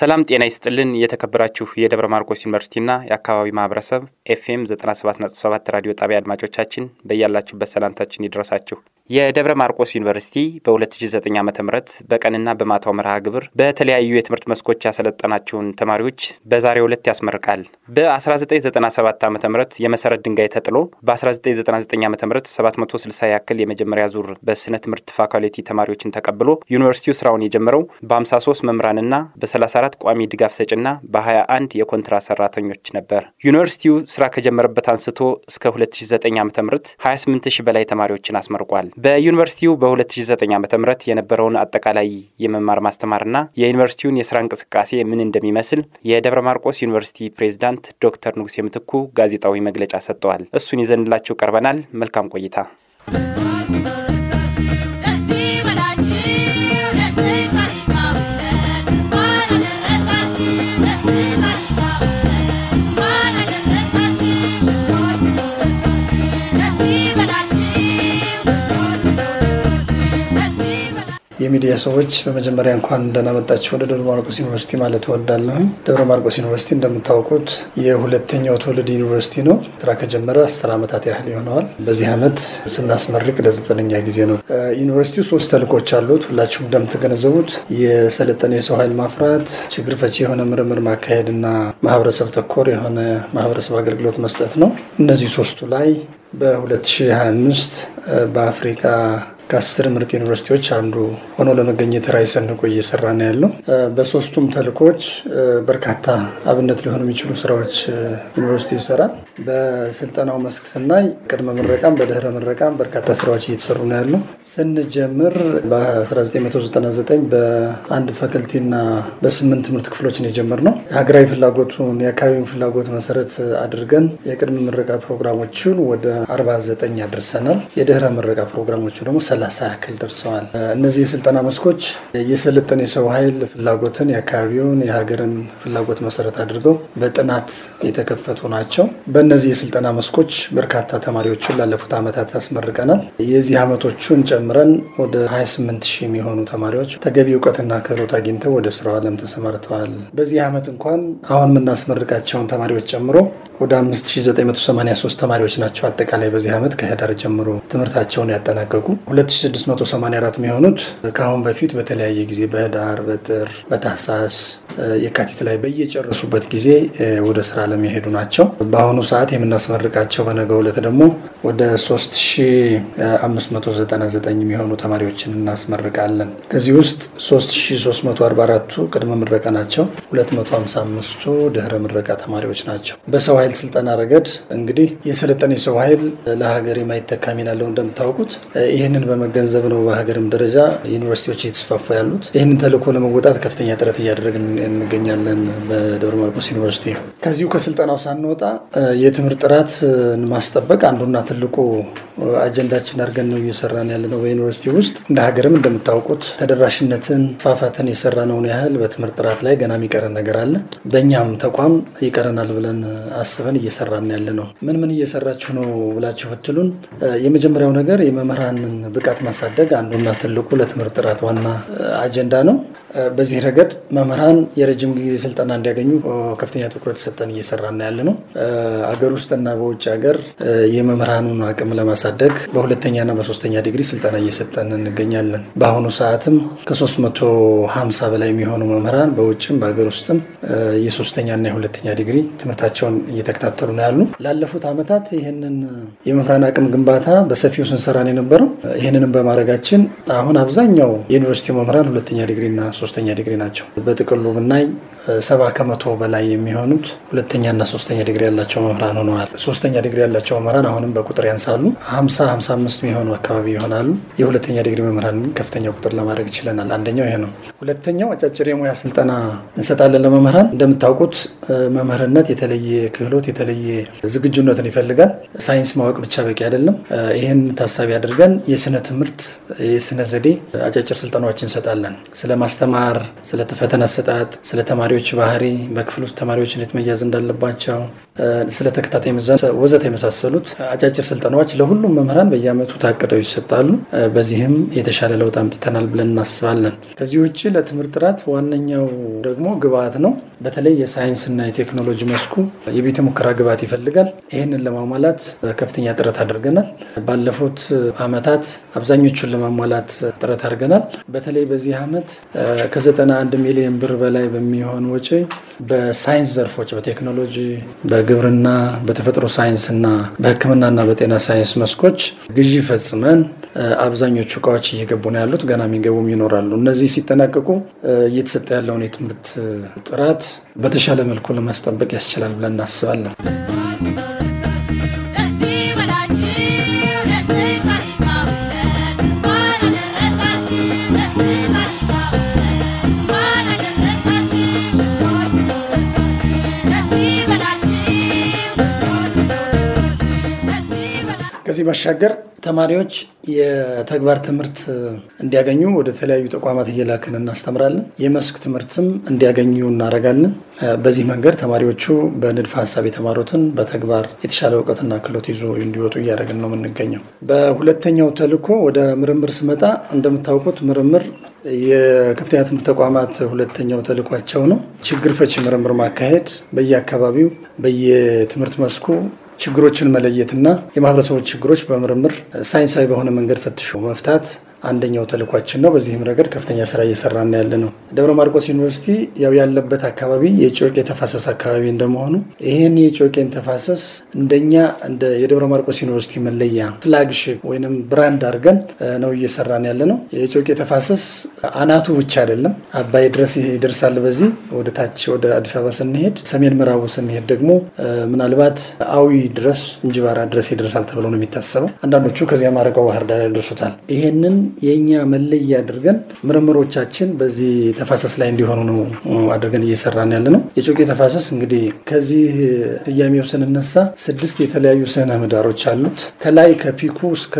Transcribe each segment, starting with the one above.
ሰላም ጤና ይስጥልን። የተከበራችሁ የደብረ ማርቆስ ዩኒቨርሲቲና የአካባቢ ማህበረሰብ ኤፍኤም 97.7 ራዲዮ ጣቢያ አድማጮቻችን በያላችሁበት ሰላምታችን ይድረሳችሁ። የደብረ ማርቆስ ዩኒቨርሲቲ በ2009 ዓ ም በቀንና በማታው መርሃ ግብር በተለያዩ የትምህርት መስኮች ያሰለጠናቸውን ተማሪዎች በዛሬ ሁለት ያስመርቃል። በ1997 ዓ ም የመሰረት ድንጋይ ተጥሎ በ1999 ዓ ም 760 ያክል የመጀመሪያ ዙር በስነ ትምህርት ፋካልቲ ተማሪዎችን ተቀብሎ ዩኒቨርሲቲው ስራውን የጀመረው በ53 መምህራንና በ34 ቋሚ ድጋፍ ሰጪና በ21 የኮንትራ ሰራተኞች ነበር። ዩኒቨርሲቲው ስራ ከጀመረበት አንስቶ እስከ 2009 ዓ ም 28 ሺህ በላይ ተማሪዎችን አስመርቋል። በዩኒቨርሲቲው በ2009 ዓ ም የነበረውን አጠቃላይ የመማር ማስተማርና የዩኒቨርሲቲውን የስራ እንቅስቃሴ ምን እንደሚመስል የደብረ ማርቆስ ዩኒቨርሲቲ ፕሬዝዳንት ዶክተር ንጉሴ ምትኩ ጋዜጣዊ መግለጫ ሰጥተዋል። እሱን ይዘንላችሁ ቀርበናል። መልካም ቆይታ። የሚዲያ ሰዎች በመጀመሪያ እንኳን ደህና መጣችሁ ወደ ደብረ ማርቆስ ዩኒቨርሲቲ ማለት እወዳለሁ። ደብረ ማርቆስ ዩኒቨርሲቲ እንደምታውቁት የሁለተኛው ትውልድ ዩኒቨርሲቲ ነው። ስራ ከጀመረ አስር ዓመታት ያህል ይሆነዋል። በዚህ ዓመት ስናስመርቅ ለዘጠነኛ ጊዜ ነው። ዩኒቨርሲቲው ሶስት ተልእኮች አሉት። ሁላችሁም እንደምትገነዘቡት የሰለጠነ የሰው ኃይል ማፍራት፣ ችግር ፈቺ የሆነ ምርምር ማካሄድና ማህበረሰብ ተኮር የሆነ ማህበረሰብ አገልግሎት መስጠት ነው። እነዚህ ሶስቱ ላይ በ2025 በአፍሪካ ከአስር ምርጥ ዩኒቨርሲቲዎች አንዱ ሆኖ ለመገኘት ራዕይ ሰንቆ እየሰራ ነው ያለው። በሶስቱም ተልኮች በርካታ አብነት ሊሆኑ የሚችሉ ስራዎች ዩኒቨርሲቲ ይሰራል። በስልጠናው መስክ ስናይ ቅድመ ምረቃም በድህረ ምረቃም በርካታ ስራዎች እየተሰሩ ነው ያሉ። ስንጀምር በ1999 በአንድ ፋከልቲና በስምንት ትምህርት ክፍሎች ነው የጀመርነው። ሀገራዊ ፍላጎቱን የአካባቢውን ፍላጎት መሰረት አድርገን የቅድመ ምረቃ ፕሮግራሞችን ወደ 49 ያደርሰናል። የድህረ ምረቃ ፕሮግራሞቹ ደግሞ 30 ያክል ደርሰዋል። እነዚህ የስልጠና መስኮች የሰለጠን የሰው ኃይል ፍላጎትን የአካባቢውን የሀገርን ፍላጎት መሰረት አድርገው በጥናት የተከፈቱ ናቸው። በእነዚህ የስልጠና መስኮች በርካታ ተማሪዎችን ላለፉት ዓመታት ያስመርቀናል። የዚህ ዓመቶቹን ጨምረን ወደ 28 ሺህ የሚሆኑ ተማሪዎች ተገቢ እውቀትና ክህሎት አግኝተው ወደ ስራው ዓለም ተሰማርተዋል። በዚህ ዓመት እንኳን አሁን የምናስመርቃቸውን ተማሪዎች ጨምሮ ወደ 5983 ተማሪዎች ናቸው አጠቃላይ በዚህ ዓመት ከህዳር ጀምሮ ትምህርታቸውን ያጠናቀቁ። 2684 የሚሆኑት ከአሁን በፊት በተለያየ ጊዜ በህዳር፣ በጥር፣ በታህሳስ፣ የካቲት ላይ በየጨረሱበት ጊዜ ወደ ስራ ለሚሄዱ ናቸው። በአሁኑ ሰዓት የምናስመርቃቸው በነገ ዕለት ደግሞ ወደ 3599 የሚሆኑ ተማሪዎችን እናስመርቃለን። ከዚህ ውስጥ 3344ቱ ቅድመ ምረቃ ናቸው። 255ቱ ድህረ ምረቃ ተማሪዎች ናቸው። በሰው ኃይል ስልጠና ረገድ እንግዲህ የሰለጠነ የሰው ኃይል ለሀገር የማይተካ ሚና አለው። እንደምታውቁት ይህንን በመገንዘብ ነው በሀገርም ደረጃ ዩኒቨርሲቲዎች እየተስፋፋ ያሉት። ይህንን ተልዕኮ ለመወጣት ከፍተኛ ጥረት እያደረግን እንገኛለን በደብረ ማርቆስ ዩኒቨርሲቲ። ከዚሁ ከስልጠናው ሳንወጣ የትምህርት ጥራት ማስጠበቅ አንዱና ትልቁ አጀንዳችን አድርገን ነው እየሰራን ያለ ነው። በዩኒቨርሲቲ ውስጥ እንደ ሀገርም እንደምታውቁት ተደራሽነትን ፋፋትን የሰራነውን ያህል በትምህርት ጥራት ላይ ገና የሚቀረን ነገር አለ። በእኛም ተቋም ይቀረናል ብለን አስበን እየሰራን ያለ ነው። ምን ምን እየሰራችሁ ነው ብላችሁ ብትሉን የመጀመሪያው ነገር የመምህራንን ብቃት ማሳደግ አንዱና ትልቁ ለትምህርት ጥራት ዋና አጀንዳ ነው። በዚህ ረገድ መምህራን የረጅም ጊዜ ስልጠና እንዲያገኙ ከፍተኛ ትኩረት ሰጠን እየሰራን ያለ ነው። አገር ውስጥና በውጭ ሀገር የመምህራኑን አቅም ለማሳ ለማሳደግ በሁለተኛና በሶስተኛ ዲግሪ ስልጠና እየሰጠን እንገኛለን። በአሁኑ ሰዓትም ከ350 በላይ የሚሆኑ መምህራን በውጭም በሀገር ውስጥም የሶስተኛና የሁለተኛ ዲግሪ ትምህርታቸውን እየተከታተሉ ነው ያሉ። ላለፉት ዓመታት ይህንን የመምህራን አቅም ግንባታ በሰፊው ስንሰራ ነው የነበረው። ይህንንም በማድረጋችን አሁን አብዛኛው የዩኒቨርሲቲ መምህራን ሁለተኛ ዲግሪና ሶስተኛ ዲግሪ ናቸው። በጥቅሉ ብናይ ሰባ ከመቶ በላይ የሚሆኑት ሁለተኛና ሶስተኛ ዲግሪ ያላቸው መምህራን ሆነዋል። ሶስተኛ ዲግሪ ያላቸው መምህራን አሁንም በቁጥር ያንሳሉ። ሀምሳ ሀምሳ አምስት የሚሆኑ አካባቢ ይሆናሉ። የሁለተኛ ዲግሪ መምህራን ከፍተኛ ቁጥር ለማድረግ ይችለናል። አንደኛው ይሄ ነው። ሁለተኛው አጫጭር የሙያ ስልጠና እንሰጣለን ለመምህራን። እንደምታውቁት መምህርነት የተለየ ክህሎት የተለየ ዝግጁነትን ይፈልጋል። ሳይንስ ማወቅ ብቻ በቂ አይደለም። ይህን ታሳቢ አድርገን የስነ ትምህርት የስነ ዘዴ አጫጭር ስልጠናዎች እንሰጣለን። ስለ ማስተማር፣ ስለ ፈተና አሰጣጥ፣ ስለ ተማሪዎች ባህሪ፣ በክፍል ውስጥ ተማሪዎች እንዴት መያዝ እንዳለባቸው፣ ስለ ተከታታይ ምዘና ወዘተ የመሳሰሉት አጫጭር ስልጠናዎች ለሁሉ ሁሉም መምህራን በየአመቱ ታቅደው ይሰጣሉ። በዚህም የተሻለ ለውጥ አምጥተናል ብለን እናስባለን። ከዚህ ውጭ ለትምህርት ጥራት ዋነኛው ደግሞ ግብዓት ነው። በተለይ የሳይንስና የቴክኖሎጂ መስኩ የቤተ ሙከራ ግብአት ይፈልጋል። ይህንን ለማሟላት ከፍተኛ ጥረት አድርገናል። ባለፉት አመታት አብዛኞቹን ለማሟላት ጥረት አድርገናል። በተለይ በዚህ አመት ከ91 ሚሊዮን ብር በላይ በሚሆን ወጪ በሳይንስ ዘርፎች በቴክኖሎጂ፣ በግብርና፣ በተፈጥሮ እና በሕክምናና በጤና ሳይንስ መስኮች ግዢ ፈጽመን አብዛኞቹ እቃዎች እየገቡ ነው ያሉት። ገና የሚገቡም ይኖራሉ። እነዚህ ሲጠናቀቁ እየተሰጠ ያለውን የትምህርት ጥራት በተሻለ መልኩ ለማስጠበቅ ያስችላል ብለን እናስባለን። ባሻገር ተማሪዎች የተግባር ትምህርት እንዲያገኙ ወደ ተለያዩ ተቋማት እየላክን እናስተምራለን። የመስክ ትምህርትም እንዲያገኙ እናደርጋለን። በዚህ መንገድ ተማሪዎቹ በንድፈ ሀሳብ የተማሩትን በተግባር የተሻለ እውቀትና ክህሎት ይዞ እንዲወጡ እያደረግን ነው የምንገኘው። በሁለተኛው ተልዕኮ ወደ ምርምር ስመጣ እንደምታውቁት ምርምር የከፍተኛ ትምህርት ተቋማት ሁለተኛው ተልዕኳቸው ነው። ችግር ፈች ምርምር ማካሄድ በየአካባቢው በየትምህርት መስኩ ችግሮችን መለየትና የማህበረሰቦች ችግሮች በምርምር ሳይንሳዊ በሆነ መንገድ ፈትሾ መፍታት አንደኛው ተልኳችን ነው። በዚህም ረገድ ከፍተኛ ስራ እየሰራና ያለ ነው። ደብረ ማርቆስ ዩኒቨርሲቲ ያው ያለበት አካባቢ የጮቄ ተፋሰስ አካባቢ እንደመሆኑ ይህን የጮቄን ተፋሰስ እንደኛ እንደ የደብረ ማርቆስ ዩኒቨርሲቲ መለያ ፍላግሺፕ ወይም ብራንድ አድርገን ነው እየሰራን ያለ ነው። የጮቄ ተፋሰስ አናቱ ብቻ አይደለም፣ አባይ ድረስ ይደርሳል። በዚህ ወደ ታች ወደ አዲስ አበባ ስንሄድ፣ ሰሜን ምዕራቡ ስንሄድ ደግሞ ምናልባት አዊ ድረስ እንጅባራ ድረስ ይደርሳል ተብሎ ነው የሚታሰበው። አንዳንዶቹ ከዚያ ማረቀው ባህር ዳር ያደርሱታል። ይሄንን የእኛ መለያ አድርገን ምርምሮቻችን በዚህ ተፋሰስ ላይ እንዲሆኑ ነው አድርገን እየሰራን ያለ ነው። የጮቄ ተፋሰስ እንግዲህ ከዚህ ስያሜው ስንነሳ ስድስት የተለያዩ ስነ ምህዳሮች አሉት። ከላይ ከፒኩ እስከ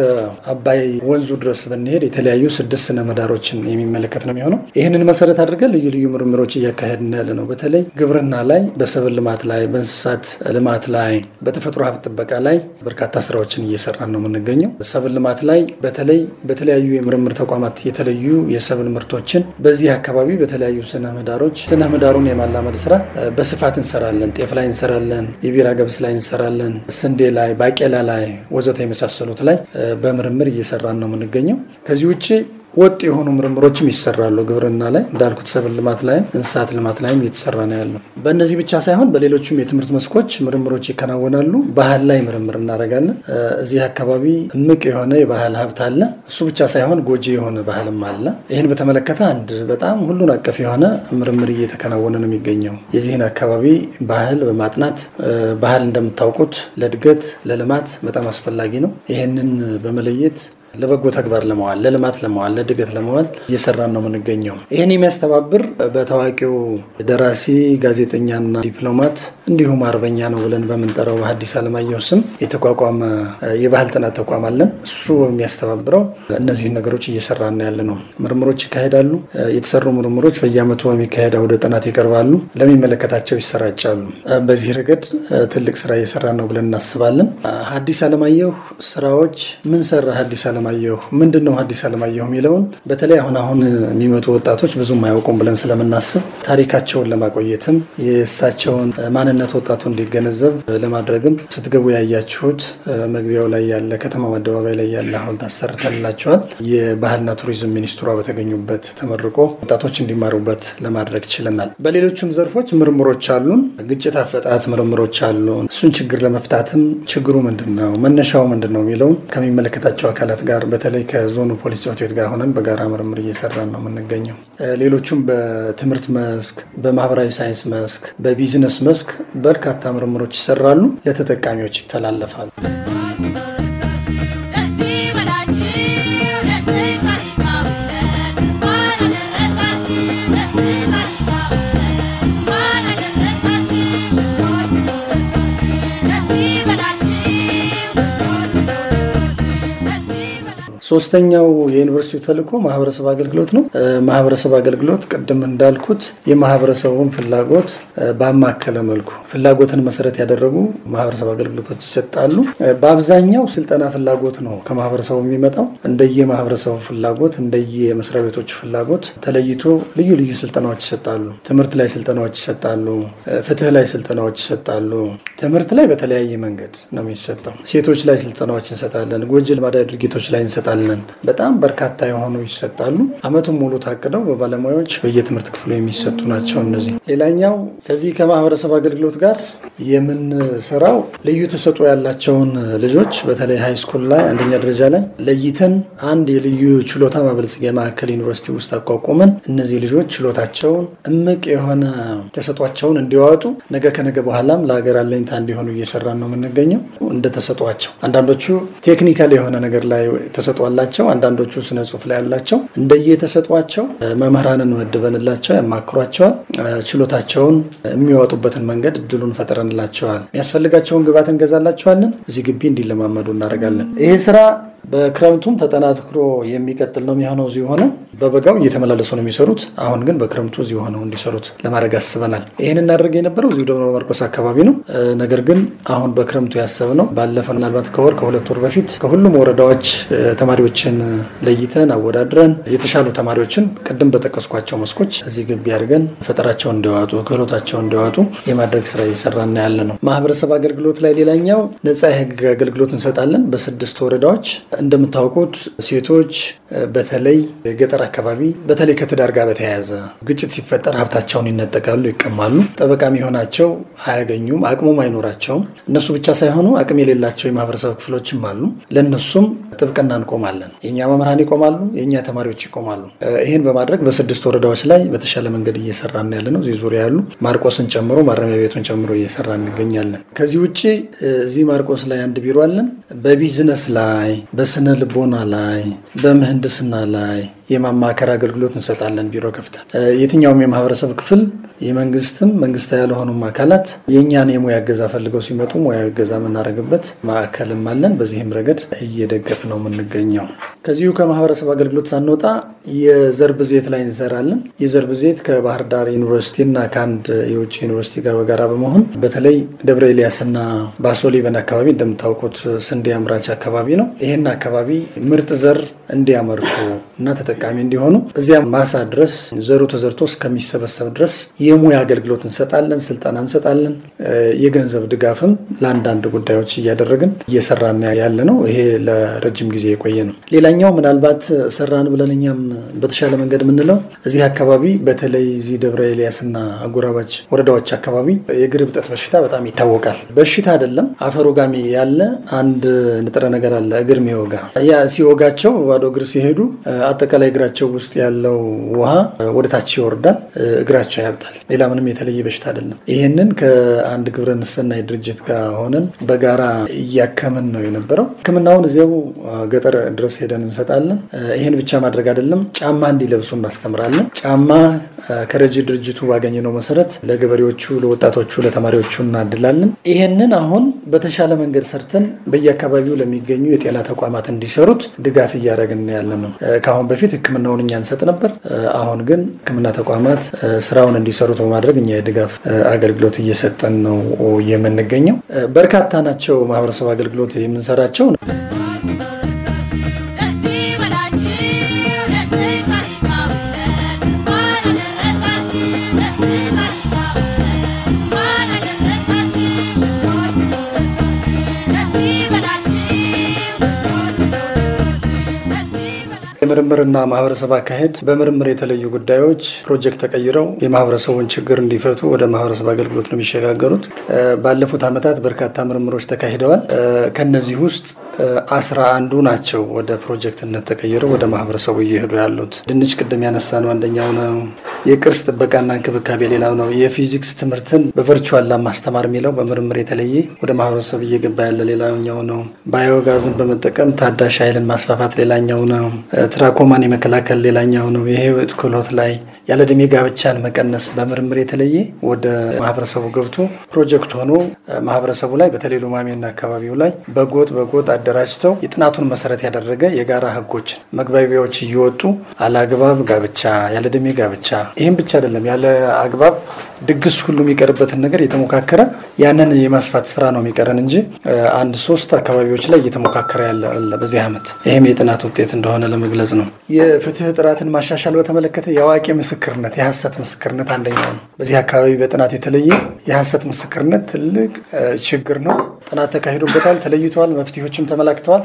አባይ ወንዙ ድረስ ብንሄድ የተለያዩ ስድስት ስነ ምህዳሮችን የሚመለከት ነው የሚሆነው። ይህንን መሰረት አድርገን ልዩ ልዩ ምርምሮች እያካሄድን ያለ ነው። በተለይ ግብርና ላይ፣ በሰብል ልማት ላይ፣ በእንስሳት ልማት ላይ፣ በተፈጥሮ ሀብት ጥበቃ ላይ በርካታ ስራዎችን እየሰራን ነው የምንገኘው። ሰብል ልማት ላይ በተለይ በተለያዩ የምርምር ተቋማት የተለዩ የሰብል ምርቶችን በዚህ አካባቢ በተለያዩ ስነ ምህዳሮች ስነ ምህዳሩን የማላመድ ስራ በስፋት እንሰራለን። ጤፍ ላይ እንሰራለን፣ የቢራ ገብስ ላይ እንሰራለን፣ ስንዴ ላይ፣ ባቄላ ላይ ወዘተ የመሳሰሉት ላይ በምርምር እየሰራን ነው የምንገኘው። ከዚህ ውጭ ወጥ የሆኑ ምርምሮችም ይሰራሉ። ግብርና ላይ እንዳልኩት ሰብል ልማት ላይም እንስሳት ልማት ላይም እየተሰራ ነው ያለው። በእነዚህ ብቻ ሳይሆን በሌሎችም የትምህርት መስኮች ምርምሮች ይከናወናሉ። ባህል ላይ ምርምር እናደርጋለን። እዚህ አካባቢ እምቅ የሆነ የባህል ሀብት አለ። እሱ ብቻ ሳይሆን ጎጂ የሆነ ባህልም አለ። ይህን በተመለከተ አንድ በጣም ሁሉን አቀፍ የሆነ ምርምር እየተከናወነ ነው የሚገኘው። የዚህን አካባቢ ባህል በማጥናት ባህል እንደምታውቁት ለእድገት ለልማት በጣም አስፈላጊ ነው። ይህንን በመለየት ለበጎ ተግባር ለመዋል ለልማት ለመዋል ለድገት ለመዋል እየሰራን ነው የምንገኘው። ይህን የሚያስተባብር በታዋቂው ደራሲ ጋዜጠኛና ዲፕሎማት እንዲሁም አርበኛ ነው ብለን በምንጠራው በሐዲስ አለማየሁ ስም የተቋቋመ የባህል ጥናት ተቋም አለን። እሱ የሚያስተባብረው እነዚህን ነገሮች እየሰራን ያለ ነው። ምርምሮች ይካሄዳሉ። የተሰሩ ምርምሮች በየዓመቱ በሚካሄድ ወደ ጥናት ይቀርባሉ፣ ለሚመለከታቸው ይሰራጫሉ። በዚህ ረገድ ትልቅ ስራ እየሰራን ነው ብለን እናስባለን። ሐዲስ አለማየሁ ስራዎች ምን ሰራ ሐዲስ አለማየሁ ምንድን ነው ሐዲስ አለማየሁ የሚለውን በተለይ አሁን አሁን የሚመጡ ወጣቶች ብዙም አያውቁም ብለን ስለምናስብ ታሪካቸውን ለማቆየትም የእሳቸውን ማንነት ወጣቱ እንዲገነዘብ ለማድረግም ስትገቡ ያያችሁት መግቢያው ላይ ያለ ከተማው አደባባይ ላይ ያለ ሐውልት አሰርተላቸዋል የባህልና ቱሪዝም ሚኒስትሯ በተገኙበት ተመርቆ ወጣቶች እንዲማሩበት ለማድረግ ችለናል። በሌሎችም ዘርፎች ምርምሮች አሉን። ግጭት አፈጣት ምርምሮች አሉን። እሱን ችግር ለመፍታትም ችግሩ ምንድን ነው፣ መነሻው ምንድን ነው የሚለውን ከሚመለከታቸው አካላት ጋር በተለይ ከዞኑ ፖሊስ ጽሕፈት ቤት ጋር ሆነን በጋራ ምርምር እየሰራን ነው የምንገኘው። ሌሎቹም በትምህርት መስክ፣ በማህበራዊ ሳይንስ መስክ፣ በቢዝነስ መስክ በርካታ ምርምሮች ይሰራሉ፣ ለተጠቃሚዎች ይተላለፋሉ። ሶስተኛው የዩኒቨርሲቲው ተልኮ ማህበረሰብ አገልግሎት ነው። ማህበረሰብ አገልግሎት ቅድም እንዳልኩት የማህበረሰቡን ፍላጎት ባማከለ መልኩ ፍላጎትን መሰረት ያደረጉ ማህበረሰብ አገልግሎቶች ይሰጣሉ። በአብዛኛው ስልጠና ፍላጎት ነው ከማህበረሰቡ የሚመጣው። እንደየ ማህበረሰቡ ፍላጎት እንደየ መስሪያ ቤቶች ፍላጎት ተለይቶ ልዩ ልዩ ስልጠናዎች ይሰጣሉ። ትምህርት ላይ ስልጠናዎች ይሰጣሉ። ፍትህ ላይ ስልጠናዎች ይሰጣሉ። ትምህርት ላይ በተለያየ መንገድ ነው የሚሰጠው። ሴቶች ላይ ስልጠናዎች እንሰጣለን። ጎጂ ልማዳዊ ድርጊቶች ላይ እንሰጣለን። በጣም በርካታ የሆኑ ይሰጣሉ። አመቱን ሙሉ ታቅደው በባለሙያዎች በየትምህርት ክፍሉ የሚሰጡ ናቸው። እነዚህ ሌላኛው ከዚህ ከማህበረሰብ አገልግሎት ጋር የምንሰራው ልዩ ተሰጦ ያላቸውን ልጆች በተለይ ሃይስኩል ላይ አንደኛ ደረጃ ላይ ለይተን አንድ የልዩ ችሎታ ማበልጸጊያ ማዕከል ዩኒቨርሲቲ ውስጥ አቋቁመን እነዚህ ልጆች ችሎታቸውን እምቅ የሆነ ተሰጧቸውን እንዲዋጡ ነገ ከነገ በኋላም ለሀገር አለኝ ሁኔታ እንዲሆኑ እየሰራን ነው የምንገኘው። እንደተሰጧቸው አንዳንዶቹ ቴክኒካል የሆነ ነገር ላይ ተሰጧላቸው፣ አንዳንዶቹ ስነ ጽሁፍ ላይ ያላቸው እንደየተሰጧቸው መምህራንን መድበንላቸው ያማክሯቸዋል። ችሎታቸውን የሚወጡበትን መንገድ እድሉን ፈጥረንላቸዋል። የሚያስፈልጋቸውን ግብዓት እንገዛላቸዋለን። እዚህ ግቢ እንዲለማመዱ እናደርጋለን። ይህ ስራ በክረምቱም ተጠናክሮ የሚቀጥል ነው የሚሆነው። እዚሁ ሆነው በበጋው እየተመላለሱ ነው የሚሰሩት። አሁን ግን በክረምቱ እዚሁ ሆነው እንዲሰሩት ለማድረግ አስበናል። ይህን እናደርግ የነበረው እዚሁ ደብረ ማርቆስ አካባቢ ነው። ነገር ግን አሁን በክረምቱ ነው ባለፈ ምናልባት ከወር ከሁለት ወር በፊት ከሁሉም ወረዳዎች ተማሪዎችን ለይተን አወዳድረን የተሻሉ ተማሪዎችን ቅድም በጠቀስኳቸው መስኮች እዚህ ግቢ አድርገን ፈጠራቸውን እንዲያዋጡ ክህሎታቸውን እንዲያዋጡ የማድረግ ስራ እየሰራና ያለ ነው። ማህበረሰብ አገልግሎት ላይ ሌላኛው ነጻ የህግ አገልግሎት እንሰጣለን በስድስት ወረዳዎች እንደምታውቁት ሴቶች በተለይ ገጠር አካባቢ በተለይ ከትዳር ጋር በተያያዘ ግጭት ሲፈጠር ሀብታቸውን ይነጠቃሉ፣ ይቀማሉ። ጠበቃ የሚሆናቸው አያገኙም፣ አቅሙም አይኖራቸውም። እነሱ ብቻ ሳይሆኑ አቅም የሌላቸው የማህበረሰብ ክፍሎችም አሉ። ለእነሱም ጥብቅና እንቆማለን። የእኛ መምህራን ይቆማሉ፣ የእኛ ተማሪዎች ይቆማሉ። ይህን በማድረግ በስድስት ወረዳዎች ላይ በተሻለ መንገድ እየሰራን ያለ ነው። እዚህ ዙሪያ ያሉ ማርቆስን ጨምሮ ማረሚያ ቤቱን ጨምሮ እየሰራ እንገኛለን። ከዚህ ውጭ እዚህ ማርቆስ ላይ አንድ ቢሮ አለን። በቢዝነስ ላይ በስነ ልቦና ላይ፣ በምህንድስና ላይ የማማከር አገልግሎት እንሰጣለን። ቢሮ ከፍተን የትኛውም የማህበረሰብ ክፍል የመንግስትም መንግስታዊ ያልሆኑም አካላት የእኛን የሙያ እገዛ ፈልገው ሲመጡ ሙያዊ እገዛ የምናደርግበት ማዕከልም አለን። በዚህም ረገድ እየደገፍ ነው የምንገኘው። ከዚሁ ከማህበረሰብ አገልግሎት ሳንወጣ የዘር ብዜት ላይ እንሰራለን። የዘር ብዜት ከባህር ዳር እና ከአንድ የውጭ ዩኒቨርሲቲ ጋር በጋራ በመሆን በተለይ ደብረ ኤልያስና ባሶ ሊበን አካባቢ እንደምታውቁት ስንዴ አምራች አካባቢ ነው። ይህን አካባቢ ምርጥ ዘር እንዲያመርቱ እና ተጠ ተጠቃሚ እንዲሆኑ እዚያ ማሳ ድረስ ዘሩ ተዘርቶ እስከሚሰበሰብ ድረስ የሙያ አገልግሎት እንሰጣለን፣ ስልጠና እንሰጣለን። የገንዘብ ድጋፍም ለአንዳንድ ጉዳዮች እያደረግን እየሰራን ያለ ነው። ይሄ ለረጅም ጊዜ የቆየ ነው። ሌላኛው ምናልባት ሰራን ብለን እኛም በተሻለ መንገድ የምንለው እዚህ አካባቢ በተለይ እዚህ ደብረ ኤልያስና አጎራባች ወረዳዎች አካባቢ የእግር ብጠት በሽታ በጣም ይታወቃል። በሽታ አይደለም አፈሮጋሚ ያለ አንድ ንጥረ ነገር አለ እግር ሚወጋ ያ ሲወጋቸው ባዶ እግር ሲሄዱ አጠቃላይ እግራቸው ውስጥ ያለው ውሃ ወደ ታች ይወርዳል፣ እግራቸው ያብጣል። ሌላ ምንም የተለየ በሽታ አይደለም። ይህንን ከአንድ ግብረ ሰናይ ድርጅት ጋር ሆነን በጋራ እያከምን ነው የነበረው። ሕክምናውን እዚያው ገጠር ድረስ ሄደን እንሰጣለን። ይህን ብቻ ማድረግ አይደለም፣ ጫማ እንዲለብሱ እናስተምራለን። ጫማ ከረጂ ድርጅቱ ባገኘነው መሰረት ለገበሬዎቹ፣ ለወጣቶቹ፣ ለተማሪዎቹ እናድላለን። ይህንን አሁን በተሻለ መንገድ ሰርተን በየአካባቢው ለሚገኙ የጤና ተቋማት እንዲሰሩት ድጋፍ እያደረግን ያለ ነው። ከአሁን በፊት ህክምናውን እኛ እንሰጥ ነበር። አሁን ግን ህክምና ተቋማት ስራውን እንዲሰሩት በማድረግ እኛ የድጋፍ አገልግሎት እየሰጠን ነው የምንገኘው። በርካታ ናቸው ማህበረሰብ አገልግሎት የምንሰራቸው ነው። የምርምርና ማህበረሰብ አካሄድ በምርምር የተለዩ ጉዳዮች ፕሮጀክት ተቀይረው የማህበረሰቡን ችግር እንዲፈቱ ወደ ማህበረሰብ አገልግሎት ነው የሚሸጋገሩት። ባለፉት ዓመታት በርካታ ምርምሮች ተካሂደዋል። ከነዚህ ውስጥ አስራ አንዱ ናቸው ወደ ፕሮጀክትነት ተቀይረው ወደ ማህበረሰቡ እየሄዱ ያሉት። ድንች ቅድም ያነሳ ነው አንደኛው ነው። የቅርስ ጥበቃና እንክብካቤ ሌላው ነው። የፊዚክስ ትምህርትን በቨርቹዋል ለማስተማር የሚለው በምርምር የተለየ ወደ ማህበረሰብ እየገባ ያለ ሌላኛው ነው። ባዮጋዝን በመጠቀም ታዳሽ ኃይልን ማስፋፋት ሌላኛው ነው። ትራኮማን የመከላከል ሌላኛው ነው። የህይወት ክህሎት ላይ ያለ እድሜ ጋብቻን መቀነስ በምርምር የተለየ ወደ ማህበረሰቡ ገብቶ ፕሮጀክት ሆኖ ማህበረሰቡ ላይ በተለይ ሉማሜና አካባቢው ላይ በጎጥ በጎጥ አደራጅተው የጥናቱን መሰረት ያደረገ የጋራ ህጎችን መግባቢያዎች እየወጡ አላግባብ ጋብቻ፣ ያለ እድሜ ጋብቻ ይህም ብቻ አይደለም፣ ያለ አግባብ ድግስ ሁሉ የሚቀርበትን ነገር እየተሞካከረ ያንን የማስፋት ስራ ነው የሚቀረን እንጂ አንድ ሶስት አካባቢዎች ላይ እየተሞካከረ ያለ በዚህ ዓመት ይህም የጥናት ውጤት እንደሆነ ለመግለጽ ነው። የፍትህ ጥራትን ማሻሻል በተመለከተ የአዋቂ ምስክርነት፣ የሀሰት ምስክርነት አንደኛው ነው። በዚህ አካባቢ በጥናት የተለየ የሀሰት ምስክርነት ትልቅ ችግር ነው። ጥናት ተካሂዶበታል፣ ተለይተዋል፣ መፍትሄዎችም ተመላክተዋል።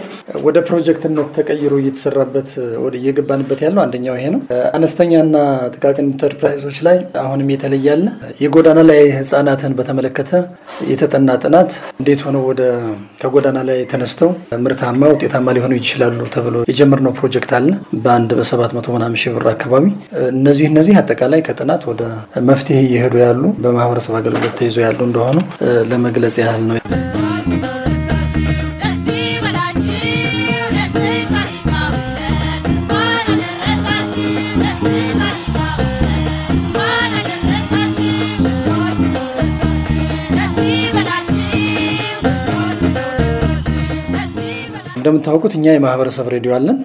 ወደ ፕሮጀክትነት ተቀይሮ እየተሰራበት እየገባንበት ያለው አንደኛው ይሄ ነው። አነስተኛና ጥቃቅን ኢንተርፕራይዞች ላይ አሁንም የተለየ የጎዳና ላይ ህጻናትን በተመለከተ የተጠና ጥናት እንዴት ሆነው ወደ ከጎዳና ላይ ተነስተው ምርታማ ውጤታማ ሊሆኑ ይችላሉ ተብሎ የጀመርነው ፕሮጀክት አለ በአንድ በሰባት መቶ ምናምን ሺህ ብር አካባቢ። እነዚህ እነዚህ አጠቃላይ ከጥናት ወደ መፍትሄ እየሄዱ ያሉ በማህበረሰብ አገልግሎት ተይዞ ያሉ እንደሆኑ ለመግለጽ ያህል ነው። እንደምታውቁት እኛ የማህበረሰብ ሬዲዮ አለን።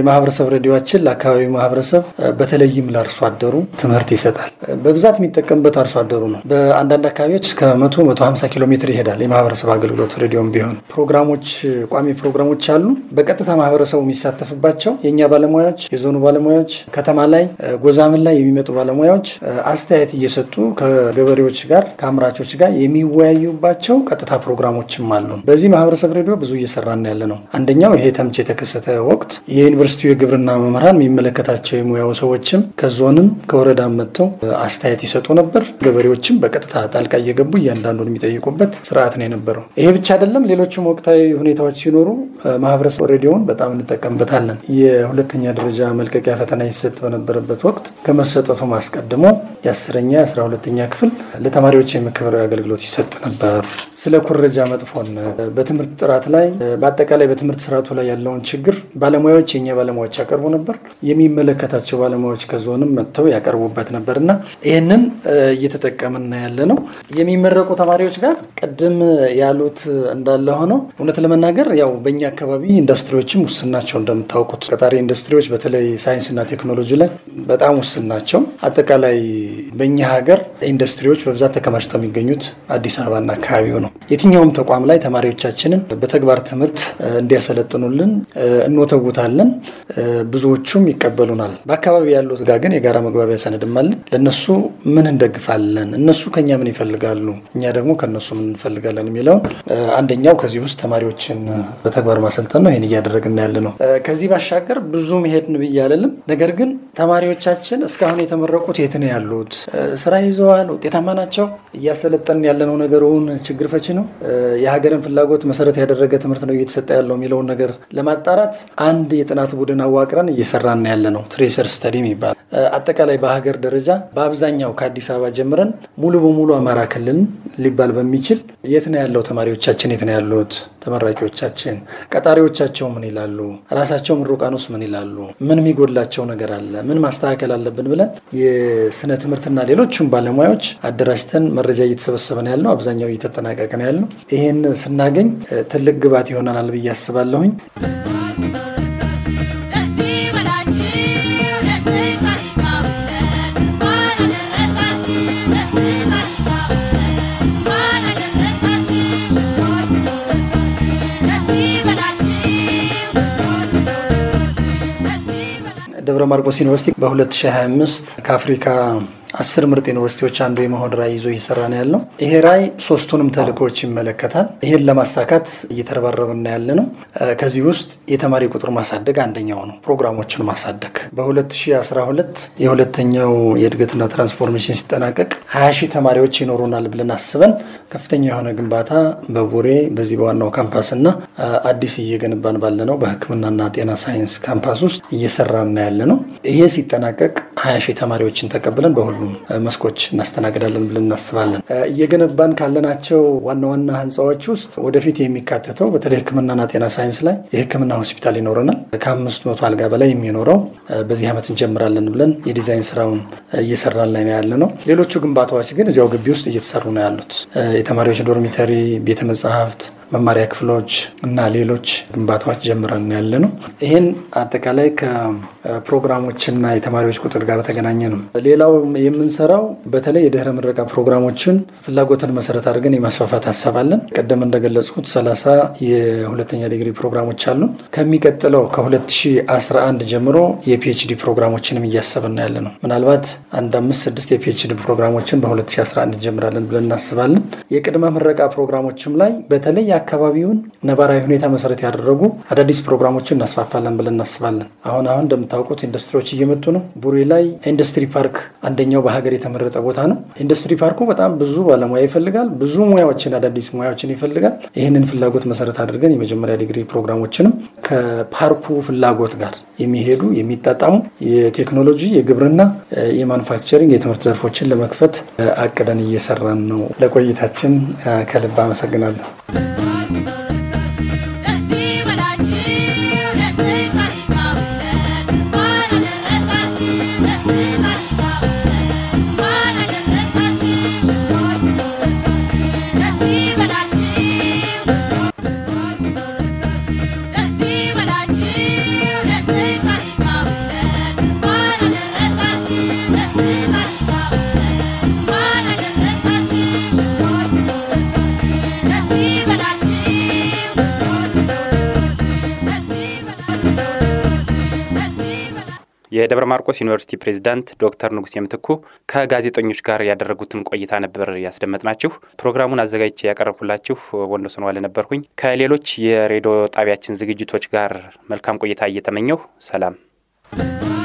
የማህበረሰብ ሬዲዮችን ለአካባቢው ማህበረሰብ በተለይም ለአርሶ አደሩ ትምህርት ይሰጣል። በብዛት የሚጠቀምበት አርሶ አደሩ ነው። በአንዳንድ አካባቢዎች እስከ መቶ መቶ ሀምሳ ኪሎ ሜትር ይሄዳል የማህበረሰብ አገልግሎት ሬዲዮም ቢሆን ፕሮግራሞች፣ ቋሚ ፕሮግራሞች አሉ። በቀጥታ ማህበረሰቡ የሚሳተፍባቸው የእኛ ባለሙያዎች፣ የዞኑ ባለሙያዎች፣ ከተማ ላይ ጎዛምን ላይ የሚመጡ ባለሙያዎች አስተያየት እየሰጡ ከገበሬዎች ጋር ከአምራቾች ጋር የሚወያዩባቸው ቀጥታ ፕሮግራሞችም አሉ። በዚህ ማህበረሰብ ሬዲዮ ብዙ እየሰራ ያለ ነው። አንደኛው ይሄ ተምች የተከሰተ ወቅት የዩኒቨርሲቲው የግብርና መምህራን የሚመለከታቸው የሙያው ሰዎችም ከዞንም ከወረዳም መጥተው አስተያየት ይሰጡ ነበር። ገበሬዎችም በቀጥታ ጣልቃ እየገቡ እያንዳንዱን የሚጠይቁበት ስርዓት ነው የነበረው። ይሄ ብቻ አይደለም። ሌሎችም ወቅታዊ ሁኔታዎች ሲኖሩ ማህበረሰብ ሬዲዮን በጣም እንጠቀምበታለን። የሁለተኛ ደረጃ መልቀቂያ ፈተና ይሰጥ በነበረበት ወቅት ከመሰጠቱ አስቀድሞ የአስረኛ የአስራ ሁለተኛ ክፍል ለተማሪዎች የምክብር አገልግሎት ይሰጥ ነበር። ስለ ኩረጃ መጥፎነት፣ በትምህርት ጥራት ላይ በአጠቃላይ በትምህርት በትምህርት ስርዓቱ ላይ ያለውን ችግር ባለሙያዎች የኛ ባለሙያዎች ያቀርቡ ነበር። የሚመለከታቸው ባለሙያዎች ከዞንም መጥተው ያቀርቡበት ነበር እና ይህንን እየተጠቀምና ያለ ነው። የሚመረቁ ተማሪዎች ጋር ቅድም ያሉት እንዳለ ሆነው እውነት ለመናገር ያው በእኛ አካባቢ ኢንዱስትሪዎችም ውስን ናቸው። እንደምታውቁት ቀጣሪ ኢንዱስትሪዎች በተለይ ሳይንስና ቴክኖሎጂ ላይ በጣም ውስን ናቸው። አጠቃላይ በእኛ ሀገር ኢንዱስትሪዎች በብዛት ተከማችተው የሚገኙት አዲስ አበባና አካባቢው ነው። የትኛውም ተቋም ላይ ተማሪዎቻችንን በተግባር ትምህርት እንዲያስ እየሰለጠኑልን እንወተውታለን። ብዙዎቹም ይቀበሉናል። በአካባቢ ያሉት ጋር ግን የጋራ መግባቢያ ሰነድም አለን። ለእነሱ ምን እንደግፋለን፣ እነሱ ከኛ ምን ይፈልጋሉ፣ እኛ ደግሞ ከእነሱ ምን እንፈልጋለን የሚለውን አንደኛው ከዚህ ውስጥ ተማሪዎችን በተግባር ማሰልጠን ነው። ይህን እያደረግን ያለ ነው። ከዚህ ባሻገር ብዙ መሄድ ብዬ አለልም ነገር ግን ተማሪዎቻችን እስካሁን የተመረቁት የት ነው ያሉት? ስራ ይዘዋል? ውጤታማ ናቸው? እያሰለጠን ያለነው ነገሩን ችግር ፈች ነው፣ የሀገርን ፍላጎት መሰረት ያደረገ ትምህርት ነው እየተሰጠ ያለው የሚለውን ነገር ለማጣራት አንድ የጥናት ቡድን አዋቅረን እየሰራን ያለ ነው። ትሬሰር ስተዲ የሚባል አጠቃላይ በሀገር ደረጃ በአብዛኛው ከአዲስ አበባ ጀምረን ሙሉ በሙሉ አማራ ክልል ሊባል በሚችል የት ነው ያለው ተማሪዎቻችን የት ነው ያሉት ተመራቂዎቻችን ቀጣሪዎቻቸው ምን ይላሉ? ራሳቸው ምሩቃኑስ ምን ይላሉ? ምን የሚጎድላቸው ነገር አለ? ምን ማስተካከል አለብን ብለን የስነ ትምህርትና ሌሎችም ባለሙያዎች አደራጅተን መረጃ እየተሰበሰበ ነው ያለው። አብዛኛው እየተጠናቀቀ ነው ያለው። ይህን ስናገኝ ትልቅ ግባት ይሆናል ብዬ አስባለሁኝ። ደብረ ማርቆስ ዩኒቨርሲቲ በ2025 ከአፍሪካ አስር ምርጥ ዩኒቨርሲቲዎች አንዱ የመሆን ራዕይ ይዞ እየሰራ ነው ያለው። ይሄ ራዕይ ሶስቱንም ተልእኮዎች ይመለከታል። ይህን ለማሳካት እየተረባረብና ያለ ነው። ከዚህ ውስጥ የተማሪ ቁጥር ማሳደግ አንደኛው ነው። ፕሮግራሞችን ማሳደግ በ2012 የሁለተኛው የእድገትና ትራንስፎርሜሽን ሲጠናቀቅ ሀያ ሺህ ተማሪዎች ይኖሩናል ብለን አስበን ከፍተኛ የሆነ ግንባታ በቡሬ በዚህ በዋናው ካምፓስ እና አዲስ እየገነባን ባለነው በሕክምናና ጤና ሳይንስ ካምፓስ ውስጥ እየሰራና ያለ ነው። ይሄ ሲጠናቀቅ ሀያ ሺህ ተማሪዎችን ተቀብለን በሁሉም መስኮች እናስተናግዳለን ብለን እናስባለን። እየገነባን ካለናቸው ዋና ዋና ህንፃዎች ውስጥ ወደፊት የሚካተተው በተለይ ህክምናና ጤና ሳይንስ ላይ የህክምና ሆስፒታል ይኖረናል። ከአምስት መቶ አልጋ በላይ የሚኖረው በዚህ ዓመት እንጀምራለን ብለን የዲዛይን ስራውን እየሰራን ላይ ያለ ነው። ሌሎቹ ግንባታዎች ግን እዚያው ግቢ ውስጥ እየተሰሩ ነው ያሉት የተማሪዎች ዶርሚተሪ፣ ቤተ መጽሐፍት መማሪያ ክፍሎች እና ሌሎች ግንባታዎች ጀምረን ያለ ነው። ይህን አጠቃላይ ፕሮግራሞችና የተማሪዎች ቁጥር ጋር በተገናኘ ነው። ሌላው የምንሰራው በተለይ የድህረ ምረቃ ፕሮግራሞችን ፍላጎትን መሰረት አድርገን የማስፋፋት ሀሳብ አለን። ቀደም እንደገለጽኩት ሰላሳ የሁለተኛ ዲግሪ ፕሮግራሞች አሉ። ከሚቀጥለው ከ2011 ጀምሮ የፒኤችዲ ፕሮግራሞችንም እያሰብን ያለ ነው። ምናልባት አንድ አምስት ስድስት የፒኤችዲ ፕሮግራሞችን በ2011 እንጀምራለን ብለን እናስባለን። የቅድመ ምረቃ ፕሮግራሞችም ላይ በተለይ የአካባቢውን ነባራዊ ሁኔታ መሰረት ያደረጉ አዳዲስ ፕሮግራሞችን እናስፋፋለን ብለን እናስባለን። አሁን አሁን እንደምታ እንደምታውቁት ኢንዱስትሪዎች እየመጡ ነው። ቡሬ ላይ ኢንዱስትሪ ፓርክ አንደኛው በሀገር የተመረጠ ቦታ ነው። ኢንዱስትሪ ፓርኩ በጣም ብዙ ባለሙያ ይፈልጋል። ብዙ ሙያዎችን፣ አዳዲስ ሙያዎችን ይፈልጋል። ይህንን ፍላጎት መሰረት አድርገን የመጀመሪያ ዲግሪ ፕሮግራሞችንም ከፓርኩ ፍላጎት ጋር የሚሄዱ የሚጣጣሙ የቴክኖሎጂ፣ የግብርና፣ የማኑፋክቸሪንግ የትምህርት ዘርፎችን ለመክፈት አቅደን እየሰራን ነው። ለቆይታችን ከልብ አመሰግናለሁ። የደብረ ማርቆስ ዩኒቨርሲቲ ፕሬዚዳንት ዶክተር ንጉሴ ምትኩ ከጋዜጠኞች ጋር ያደረጉትን ቆይታ ነበር ያስደመጥናችሁ። ፕሮግራሙን አዘጋጅቼ ያቀረብኩላችሁ ወንዶሰን ዋለ ነበርኩኝ። ከሌሎች የሬዲዮ ጣቢያችን ዝግጅቶች ጋር መልካም ቆይታ እየተመኘሁ ሰላም።